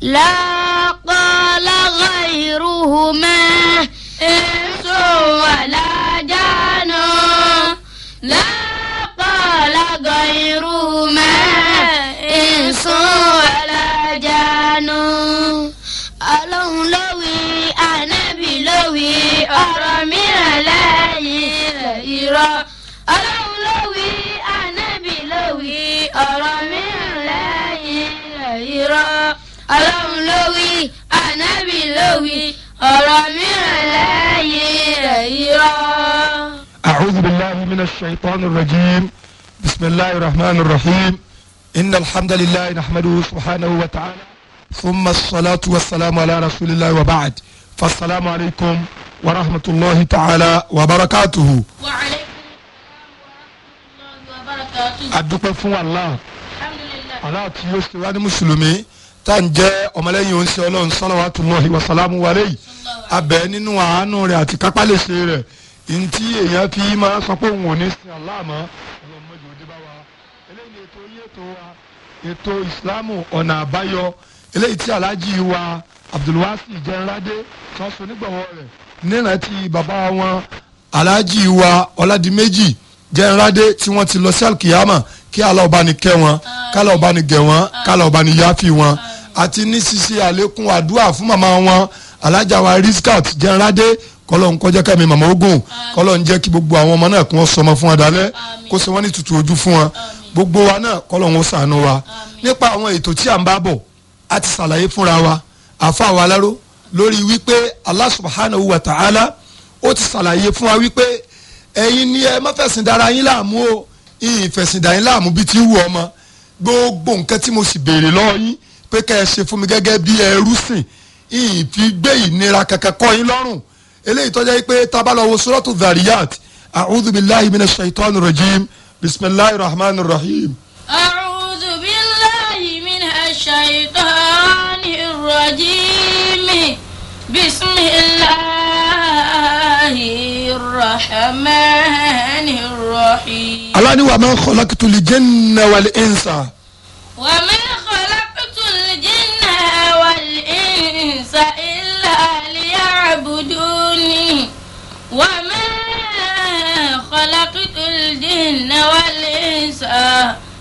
لا قال غيرهما إنس ولا جان لا wí ọ̀rọ̀ mìíràn lẹ́yìn rẹ̀ irọ́. أعوذ بالله من الشيطان الرجيم بسم الله الرحمن الرحيم إن الحمد لله نحمده سبحانه وتعالى ثم الصلاة والسلام على رسول الله وبعد فالسلام عليكم ورحمة الله تعالى وبركاته وعليكم السلام ورحمة الله وبركاته أدوكم فو الله الله تيوسي وأنا مسلمي tá n jẹ́ ọmọlẹ́yìn oṣù ọlọ́run salawatullahi wa salamu alayhi abẹ nínú àánú rẹ̀ àti kápálẹ̀ṣe rẹ̀ ntí èèyàn fi máa sọ pé òun ò ní sin Allah mọ́ ọlọ́mọdé òde bá wa eléyìí ètò yìí ètò wa ètò ìsìláàmù ọ̀nà àbáyọ eléyìí tí aláàjì wa abdulwasi jẹ́nládé tó ń sonígbọ̀wọ́ rẹ̀ nírántí bàbá wọn aláàjì wa ọ̀làdìmẹ́jì jẹ́nládé tí wọ́n ti lọ sí alkiyama kí Allah ó bá ni kẹ́ wọn kí bá ni gẹ̀ wọn kí bá ni yáfi wọn àti ní ṣíṣe àlékún àdúrà fún màmá wọn alájà wa Rizkat jẹnradé kọlọ ń kọjá kẹmi màmá ogun kọlọ ń jẹ́ kí gbogbo àwọn ọmọ náà kí wọ́n sọmọ fún wa dalẹ́ kó ṣe wọ́n ní tutù ojú fún wa gbogbo wa náà kọlọ ń ṣàánú wa nípa àwọn ètò tí à ń bá bọ̀ a ti ṣàlàyé fúnra wa àfa wa láró lórí wípé Allah subhanahu wa ta'ala ó ti ṣàlàyé fún wa wípé ẹ̀yin ni ẹ má dára yín láàmú o ìfẹ̀sìn dà yín láàmú bíi ti wù ọmọ gbogbo nǹkan tí mo sì béèrè lọ́wọ́ yín pé kẹ́ ẹ ṣe fún mi gẹ́gẹ́ bí ẹrú sìn ìyìn fi gbé ìnira kankan kọ́ yín lọ́rùn eléyìí tó jẹ́ pé tá bá lọ wo suratu dhariyat a'udhu billahi minash shaitanir rajim bismillahir rahmanir rahim. a'udhu billahi minash shaitanir rajim bismillahir rahmanir rahim. Allah ni wa ma khalaqtul jinna wal insa. wa ma. خلقت الجن والإنس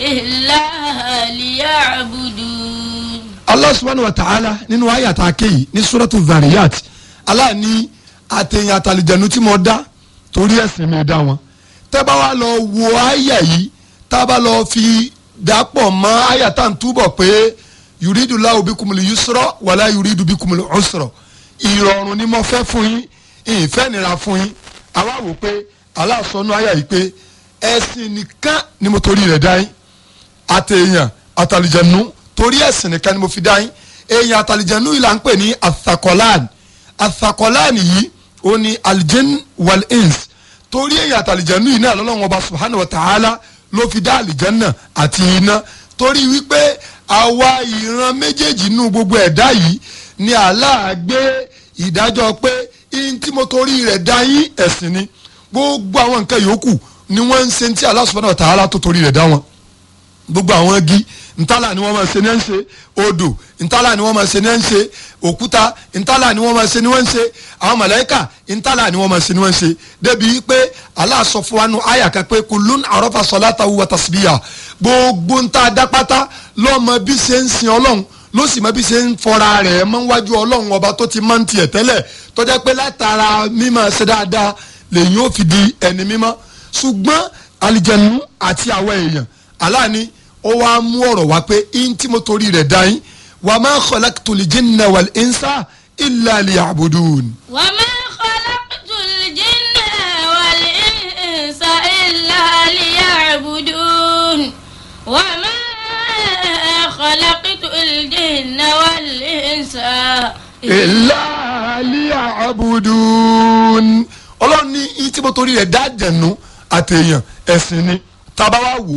إلا ليعبدون الله سبحانه وتعالى ta'ala nínú àyà tá a ké yìí ní suratu Dhariyat Allah ní àtẹ̀yìn àtàlìjẹ̀nu tí mo dá torí ẹ̀sìn mi dá wọn tẹ́ bá wá lọ wo àyà yìí tá a bá lọ fi dàpọ̀ mọ́ àyà tá à ń túbọ̀ pé yuridu lahu bikumul yusra wala yuridu bikumul usra ìrọ̀rùn ni mo fẹ́ fún yín ìfẹ́ nira fún yín àwa wò pé aláàsọnù àyà yìí pé ẹ̀sìn nìkan ni mo torí rẹ̀ dá yín àtẹ̀yàn àtàlìjẹ̀nu torí ẹ̀sìn nìkan ni mo fi dá yín èèyàn àtàlìjẹ̀nu yìí là ń pè ní àtàkọ́láàn àtàkọ́láàn yìí ó ní aljin wal ins torí èèyàn àtàlìjẹ̀nu yìí náà lọ́lọ́run ọba subhanahu wa ta'ala ló fi dá àlìjẹ́nà àti iná torí wípé àwa ìran méjèèjì nínú gbogbo ẹ̀dá yìí ni àlá gbé ìdájọ́ pé ihun tí mo torí rẹ̀ dá ẹ̀sìn ni gbogbo àwọn nǹkan yòókù ni wọ́n ń ṣe ní ti Allah subhanahu wa ta'ala tó torí rẹ̀ dá wọn gbogbo àwọn igi ntala ni wọ́n máa ṣe ní ń ṣe odò ntala ni wọ́n máa ṣe ní ń ṣe òkúta ntala ni wọ́n máa ṣe ní wọ́n àwọn màláíkà ntala ni wọ́n máa ṣe ní wọ́n ń pé Allah fún wa àyà kan pé kullun arafa salatahu wa tasbiya gbogbo ntá dápátá lọ́mọ bí ṣe ń sin ọlọ́run ló sì mọ bí ṣe ń fọra rẹ̀ mọ́ wájú ọlọ́run ọba tó ti máa ń tiẹ̀ tẹ́lẹ̀ tọ́jà pé látara mímọ́ ṣe dáadáa lèyìn ó fi di ẹni mímọ́ ṣùgbọ́n alìjẹnu àti àwọn èèyàn aláàní ó wá mú ọ̀rọ̀ wá pé in tí mo torí rẹ̀ dá yín wa ma khalaqtul jinna wal insa illa liya'budun. wa ma khalaqtul jinna wal insa illa liya'budun wa ma khalaqtul jinna wal insa illa liya'budun. ọlọ́run ní yín tí mo torí rẹ̀ dá àjẹ̀nú àtẹ̀yàn ẹ̀sìn ni tábà wá wò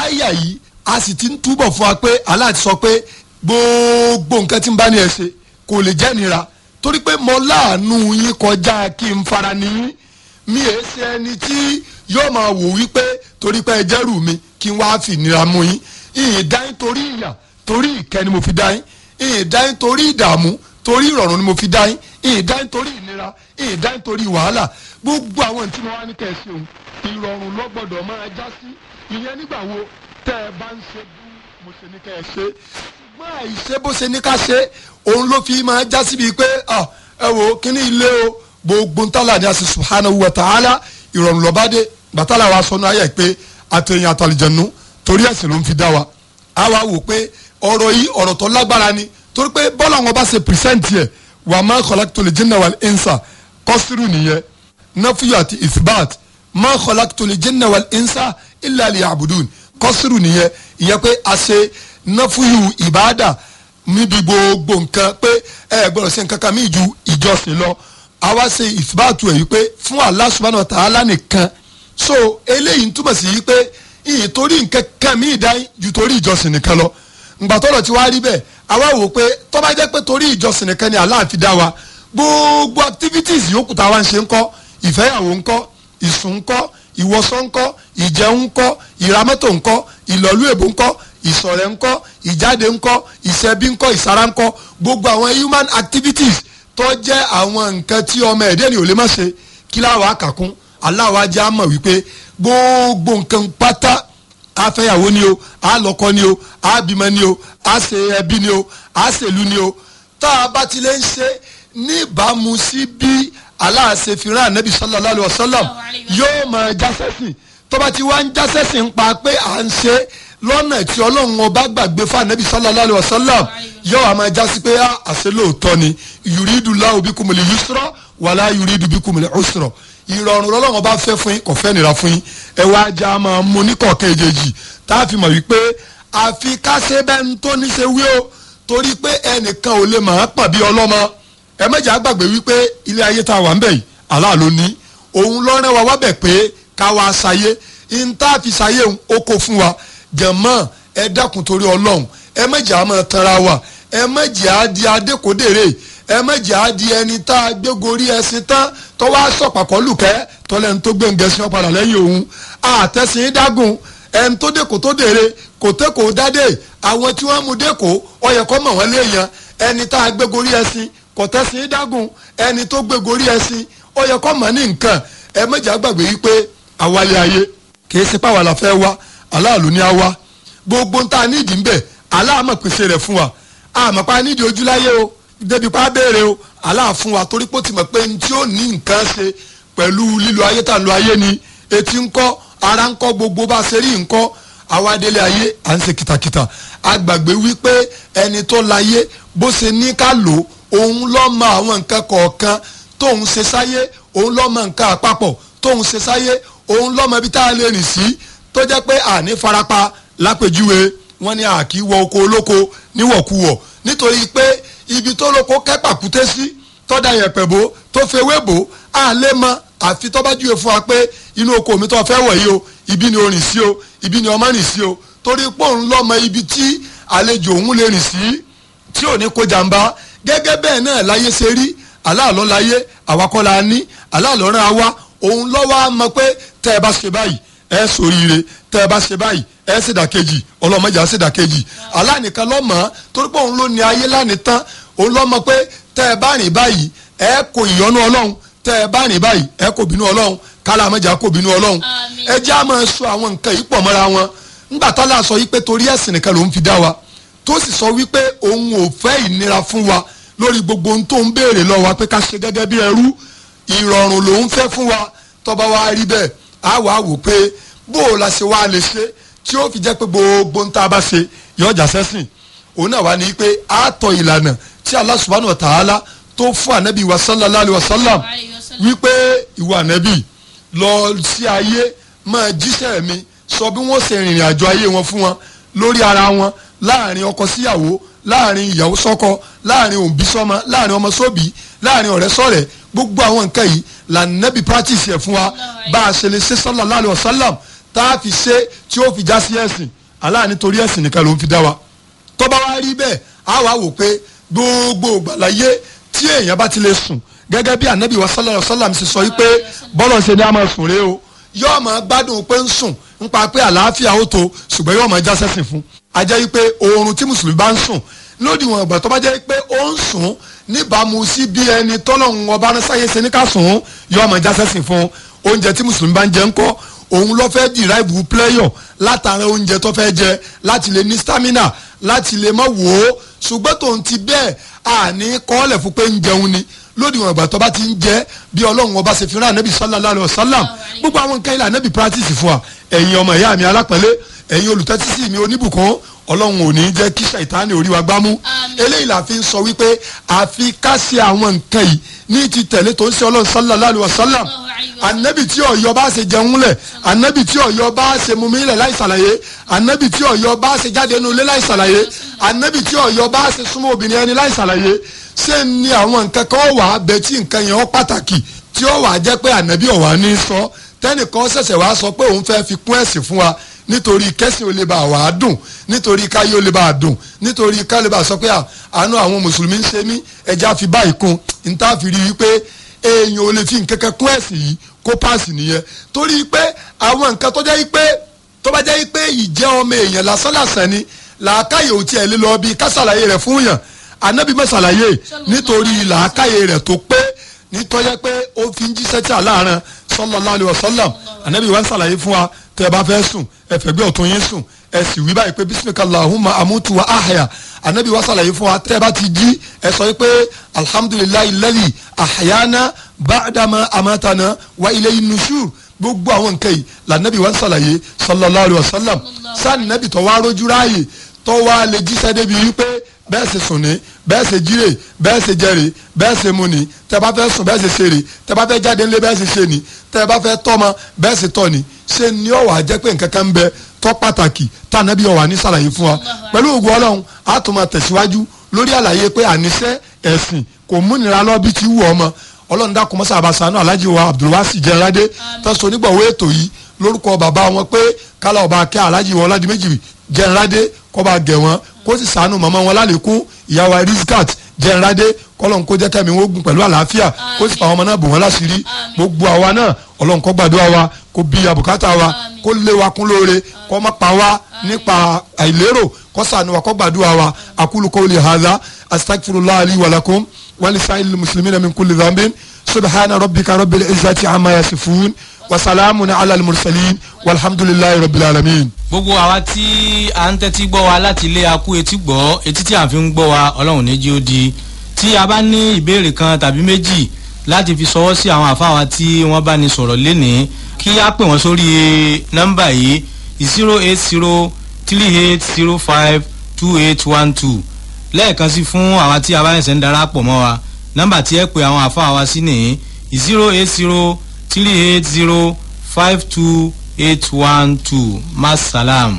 áyà yìí a sì ti ń túbọ̀ fún wa pé Allah ti sọ pé gbogbo nǹkan tí ń bá ní ẹ ṣe kò lè jẹ́ nira torí pé mo láàánú yín kọjá kí n fara níyín mi è ṣe ẹni tí yóò máa wò wípé torí pé ẹ jẹ́rù mi kí n wá fi ìnira mú yín ìyìn dáyín torí ìyà torí ìkẹ́ ni mo fi dáyín ìyìn dáyín torí ìdààmú torí ìrọ̀rùn ni mo fi dáyín ìyìn dáyín torí ìnira. ìnira ìdá nítorí wàhálà gbogbo àwọn tí wọ́n wá ní kẹ̀sí òun ìrọ̀rùn ló gbọ́dọ̀ máa já sí ìyẹn nígbà wo tẹ́ ẹ bá ń ṣe bí mo ṣe ní kẹ́ ẹ ṣe ṣùgbọ́n àìṣe bó ṣe ní ká ṣe òun ló fi máa já síbi pé ẹ wò kíní ilé o gbogbo ntàlà ni a sì subhanahu wa ta'ala ìrọ̀rùn lọ́ba dé bàtàlà wa sọnù ayẹ̀ pé àtẹ̀yìn àtàlìjẹ̀nu torí ẹ̀sìn ló ń fi dá wa a wá wò pé ọ̀rọ̀ yìí ọ̀rọ̀ tó lágbára ni torí pé bọ́lá wọn bá ṣe pìrìsẹ́ǹtì ẹ̀ wà má khalaqtul jinna wal insa kọ́sírù nìyẹn nafuyu àti isbat má khalaqtul jinna wal insa illa liya'budun kọ́sírù nìyẹn ìyẹn pé a ṣe nafuyu ìbáàdà níbi gbogbo nǹkan pé ẹ gbọ́dọ̀ ṣe nǹkan kan míì ju ìjọsìn lọ a wá ṣe ìsibáàtú ẹ̀ wípé fún Allah subhanahu wa ta'ala nìkan so eléyìí ń túmọ̀ sí wípé ìyìn torí nǹkan kan míì ju torí ìjọsìn nìkan lọ ǹgbà ti wá rí bẹ́ẹ̀ àwa wò pé tó bá jẹ́ pé torí ìjọsìn nìkan ni Allah dá wa gbogbo activities yòókù táwa ń ṣe ńkọ́ ìfẹ́yàwó ńkọ́ ìsùn ńkọ́ ìwọṣọ ńkọ́ ìjẹun ńkọ́ ìramọ́tò ńkọ́ ìlọ́lú èbó ńkọ́ ìsọ̀rẹ́ ńkọ́ ìjáde ńkọ́ ìṣẹ́bí ńkọ́ ìsara ńkọ́ gbogbo àwọn human activities tó jẹ́ àwọn nǹkan tí ọmọ ẹ̀dẹ́ ni ò lè má ṣe kí láwa kàkún Allah jẹ́ àmọ̀ wípé gbogbo nǹkan pátá a fẹ́yàwó ni o a lọ́kọ ni o a ni o a ṣe ẹbí ni o a ni o tá a bá ti lè ń ṣe níbàámu sí bí aláàṣẹ fìràn ànábì sallallahu alaihi wasallam yóò máa jásẹ́sìn tó bá ti wá ń jásẹ́sìn pa pé à ń ṣe lọ́nà tí ọlọ́run ọba gbàgbé fún ànábì sallallahu alaihi wasallam yóò àmọ́ jásí pé ah, àṣẹ lóòótọ́ ni yuridu Allahu bikumul yusra wala yuridu bikumul usra ìrọ̀rùn lọ́lọ́run bá fẹ́ fún yín kò fẹ́ nira fún yín ẹ wá já máa mú oníkọ̀ọ̀kan èjèèjì tá a fi mọ̀ wípé àfi ká ṣe bẹ́ẹ̀ ń tó ní ṣe wí o torí pé ẹnìkan ò lè mọ̀ ọ́n pọ̀ bí ọlọ́mọ ẹ má jẹ́ àgbàgbé wípé ilé ayé tá a wà ń bẹ̀ yìí Allah ló ní òun ló wa wá bẹ̀ pé ká wá ṣayé n tá a fi ṣayé o kò fún wa jẹ̀mọ́ ẹ dákun torí ọlọ́run ẹ má jẹ́ tanra wa ẹ má jẹ́ àdí adékòdèrè ẹ adi ẹni tá a gbégorí ẹṣin tán tó wá sọpàkọ lùkẹ tọlẹni tó gbẹǹgẹ sí ọ padà lẹ́yìn òun àtẹsìn dágùn ẹni tó dé kò tó dèrè kò tẹ kò dádé àwọn tí wọ́n mú dé kò ó yẹ mọ̀ wọ́n léèyàn ẹni tá a gbégorí ẹṣin kò dágùn ẹni tó mọ̀ ní ni wa gbogbo ń ta nídìí ń bẹ̀ aláàmọ̀ pèsè rẹ̀ fún wa àmọ̀pá o débi pa béèrè o aláà fún wa torí pé ó ti mọ̀ pé ní tí ó ní nǹkan ṣe pẹ̀lú lílo ayé tà lo ayé ni etí ń kọ́ ara ń kọ́ gbogbo bá ṣe rí ń kọ́ àwa délé ayé à ń ṣe kìtàkìtà a gbàgbé wípé ẹni tó láyé bó ṣe ní ká lò òun ló mọ àwọn nǹkan kọ̀ọ̀kan tóun ṣe sáyé òun ló mọ nǹkan àpapọ̀ tóun ṣe sáyé òun ló mọ ibi tá a lè rìn sí tó jẹ́ pé àní farapa lápèjúwe wọ́n ní àkíwọ oko olóko níwọ̀kuwọ̀ nítorí pé ibi tó lóko kẹ́pà kúté sí tọ́da yẹ̀pẹ̀ bò tó fewé bò á lè mọ àfi tọ́ bá júwe fún wa pé inú oko mi tó fẹ́ wọ̀ yìí o ibi ni o rìn sí o ibi ni ọmọ rìn sí o torí pé òun lọ́mọ ibi tí àlejò òun lè rìn sí tí ò ní kó jàǹbá gẹ́gẹ́ bẹ́ẹ̀ náà láyé ṣe rí aláàlọ́ láyé àwa la ní aláàlọ́ rán wa òun lọ́wọ́ á mọ pé tẹ́ ẹ bá ṣe báyìí ẹ ṣoríire tẹ ẹ bá ṣe báyìí ẹ ṣèdàkejì ọlọ́mọdé á ṣèdàkejì alánìkan lọ́mọ torí pé òun ló ní ayé lánìtán òun lọ́mọ pé tẹ ẹ bá rìn báyìí ẹ kò ìyọnu tẹ ẹ bá rìn báyìí ẹ kò bínú kálá kò bínú máa sọ àwọn nǹkan yìí pọ̀ mọ́ra wọn ńgbà sọ wípé torí ẹ̀sìn nìkan fi dá wa tó sì sọ wípé òun ò fẹ́ ìnira fún wa lórí gbogbo ohun bó o la ṣe wá lè ṣe tí ó fi jẹ́ pé gbogbo ń tá a bá ṣe yọ ọjà sẹ́sìn òun náà wá ní pé a tọ ìlànà tí Allah subhanahu wa ta'ala tó fún ànábì wa sallallahu alayhi wa sallam wípé ìwà ànábì lọ sí ayé máa jíṣẹ́ mi sọ bí wọ́n ṣe rìnrìn àjò ayé wọn fún wọn lórí ara wọn láàrin ọkọ síyàwó láàrin ìyàwó sọ́kọ láàrin òbí sọ́mọ láàrin ọmọ sóbí láàrin ọ̀rẹ́ sọ̀rẹ́ gbogbo àwọn nǹkan yìí lànàbì practice yẹ fún wa bá a ṣe lè ṣe sallallahu alayhi wa sallam tá a fi ṣe tí ó fi já sí ẹ̀sìn Allah nítorí ẹ̀sìn nìkan ló ń fi dá wa tó bá rí bẹ́ẹ̀ á wá wò pé gbogbo ìgbàláyé tí èèyàn bá ti lè sùn gẹ́gẹ́ bí anabi wa sallallahu alayhi wa sallam ṣe sọ wípé bọ́lọ̀ ṣe ni a máa sùn rè o yóò máa gbádùn pé ń sùn nípa pé àlàáfíà ó tó ṣùgbọ́n yóò máa jásẹ̀sìn fún a jẹ́ wípé oorun tí mùsùlùmí bá ń sùn lódì wọn ìgbà tó bá jẹ́ pé ó ń sùn níbàámu sí bí ẹni tọ́lọ́hún ọba sáyé ní ká sùn yóò máa jásẹ̀sìn fún oúnjẹ tí mùsùlùmí bá ń jẹ ńkọ́ òun ló fẹ́ dìráìbù pléyọ̀ látara oúnjẹ tó fẹ́ jẹ láti lè ní stamina láti lè mọ̀ wò ó ṣùgbọ́n tòun ti bẹ́ẹ̀ àní kọ́ọ̀lẹ̀ fún pé ń jẹun ni lódì wọn ìgbà tó bá ti ń jẹ bí ọlọ́run ọba ṣe fi rán ànábì sallallahu alaihi wasallam gbogbo àwọn nǹkan ilẹ̀ ànábì practice fún wa ẹ̀yin ọmọ ìyá mi alápẹ̀lẹ́ ẹ̀yin olùtẹ́tísí mi oníbùkún ọlọ́run ò ní jẹ́ kí ṣàìtánì orí wa gbámú eléyìí la fi ń sọ wípé àfi ká ṣe àwọn nǹkan yìí ní ti tẹ̀lé tó ń ṣe ọlọ́run sallallahu alaihi wasallam anabi tí ọ̀yọ́ bá ṣe jẹun lẹ̀ anabi tí ọ̀yọ́ bá ṣe mumi lẹ̀ láì ṣàlàyé anabi tí ọ̀yọ́ bá ṣe jáde nínú láì ṣàlàyé anabi tí ọ̀yọ́ bá ṣe súnmọ́ obìnrin ẹni láì ṣàlàyé ṣé ni àwọn nǹkan kan wà á bẹ tí nǹkan yẹn ó pàtàkì tí ó wà jẹ́ pé anabi ó ní sọ tẹ́nìkan ṣẹ̀ṣẹ̀ wá sọ pé òun fẹ́ fi kún ẹ̀sìn fún wa nítorí kẹ́sìn ò lè bá wàá dùn nítorí káyé ò lè bá dùn nítorí ká lè bá sọ pé àánú àwọn mùsùlùmí ń ṣe mí ẹja fi báyìí kún níta fi rí i pé èèyàn ò lè fi nǹkan kan kún ẹ̀sìn yìí kó páàsì nìyẹn torí pé àwọn nǹkan tó jẹ́ pé tó bá jẹ́ pé ìjẹ́ ọmọ èèyàn lásán lásán ni làákàyè ò tiẹ̀ lé lọ bí kásàlàyé rẹ̀ fún yàn anábì mẹ́sàlàyé nítorí làákàyè rẹ̀ tó pé nítọ́jẹ́ pé ó fi ń jíṣẹ́ tí a sallallahu alaihi wasallam Anabi wa ń ṣàlàyé fún wa tẹ́ ẹ bá fẹ́ sùn ẹ fẹ̀gbẹ́ ọ̀tún yín sùn ẹ sì wí báyìí pé bísímìkà allahumma amutu wa ahya Anabi wa ṣàlàyé fún wa tẹ́ ẹ bá ti jí ẹ sọ pé alhamdulillahi alladhi ahyana ba'dama amatana wa ilayhi nushur gbogbo àwọn nǹkan yìí lànàbì wa ń ṣàlàyé sallallahu alaihi wasallam sáà nàbì tó wá rójú ráàyè tó lè jíṣẹ́ débi wípé bẹ́ẹ̀ ṣe sùn ní bẹ́ẹ̀ ṣe jíre bẹ́ẹ̀ ṣe jẹrè bẹ́ẹ̀ ṣe mu ní tẹ́ bá fẹ́ sùn bẹ́ẹ̀ ṣe ṣeré tẹ́ bá fẹ́ jáde ńlé bẹ́ẹ̀ ṣe ṣe ní tẹ́ bá fẹ́ tọ́mọ bẹ́ẹ̀ ṣe tọ́ ní ṣe ni ó wà jẹ́ pé nǹkan kan ń bẹ tó pàtàkì tá ànábì ó wà ní ṣàlàyé fún wa pẹ̀lú ògùn ọlọ́run a tún máa tẹ̀síwájú lórí àlàyé pé àníṣe ẹ̀sìn kò múnira lọ bí ti wù ọmọ ọlọ́run dákun mọ́sá àbáṣánú wa abdulwasi jẹ́nradé tọ́sọ onígbọ̀wé ètò yìí lórúkọ bàbá wọn pé kálọ̀ ọba akẹ́ alhaji wa kó bá gẹ̀ wọ́n kó sì sànù màmá wọn lálẹ́kún ìyàwó Rizkat jẹ́nradé kọ́lọ́n kó jẹ́ tẹ̀mí wọ́n gùn pẹ̀lú àlàáfíà kó sì fa ọmọ náà bò wọ́n láṣìírí gbogbo àwa náà ọlọ́run kó gbàdúrà wa kó bí àbùkátà wa kó lé wa kún lóore kó má pa wá nípa àìlérò kó ṣàánú wa kó gbàdúrà wa aqulu qawli hadha astaghfirullah li wa lakum wa lisa'il muslimina min kulli dhanbin subhana rabbika rabbil izzati amma yasifun wa salamun ala al-mursalin walhamdulilayi rabbil gbogbo àwa tí a ń tẹ́tí gbọ́ wa láti ilé akú etí gbọ́ etí tí a fi ń gbọ́ wa ọlọ́run ní jí ó di tí a bá ní ìbéèrè kan tàbí méjì láti fi sọwọ́ sí àwọn àfáwa tí wọ́n bá ní sọ̀rọ̀ lénìí kí a pè wọ́n sórí nọ́mbà yìí zero eight zero three eight zero five two eight one two lẹ́ẹ̀kan sí fún àwa tí a bá ń darapọ̀ mọ́ wa nọ́mbà tí ẹ pè àwọn àfa wa sí ní zero eight zero three eight zero five two eight one two masalam.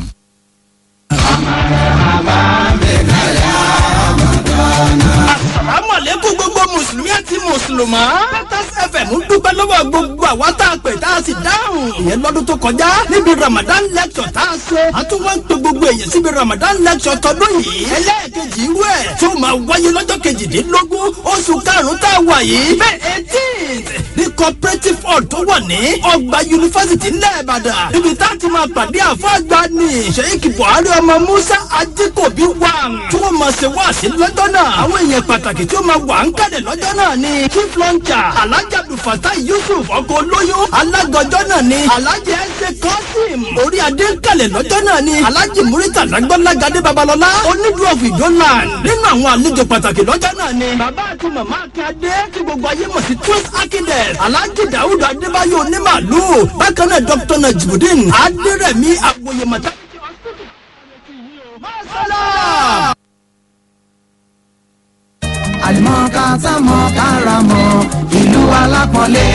mọ̀lẹ́kùn gbogbo mùsùlùmí àti mùsùlùmá. Peters FM ń dúpẹ́ lọ́wọ́ gbogbo àwa tá a pè tá a sì dáhùn. ìyẹn lọ́dún tó kọjá níbi Ramadan lecture tá a ṣe. a tún wá ń pe gbogbo èèyàn síbi Ramadan lecture tọdún yìí. ẹlẹ́ẹ̀kejì irú ẹ̀ tó máa wáyé lọ́jọ́ kejìdínlógún oṣù karùn-ún tá a wà yìí. bẹ́ẹ̀ eighteen ní cooperative hall tó wà ní ọgbà yunifásitì ńlẹ̀ Ìbàdàn. ibi tá a ti máa pàdé àfọ́ àgbà ni Sheikh Buhari ọmọ Musa Ajíkòbí wà. tí wọ́n máa ṣe wá sí lọ́jọ́ náà. àwọn èèyàn pàtàkì tí ó máa wà ń kàdé lọ́jọ́ náà ni chief launcher alhaji abdulfatai yusuf ọkọ̀ olóyún alágọjọ́ náà ni alhaji ẹsẹ̀ kọ́sìm orí adé ń kàlẹ̀ lọ́jọ́ náà ni alhaji murita lágbọ́lágadé babalọ́lá onídùú ọ̀fìn jolan nínú àwọn àlejò pàtàkì lọ́jọ́ náà ni bàbá àti màmá akíade tí gbogbo ayé mọ̀ sí twist architect alhaji dawud adébáyò onímàlúù bákan náà dr najibudin adérẹ̀mí àgbòyèmọ̀tàkì àtàmọ̀ káràmọ̀ ìlú alápọ̀nlé.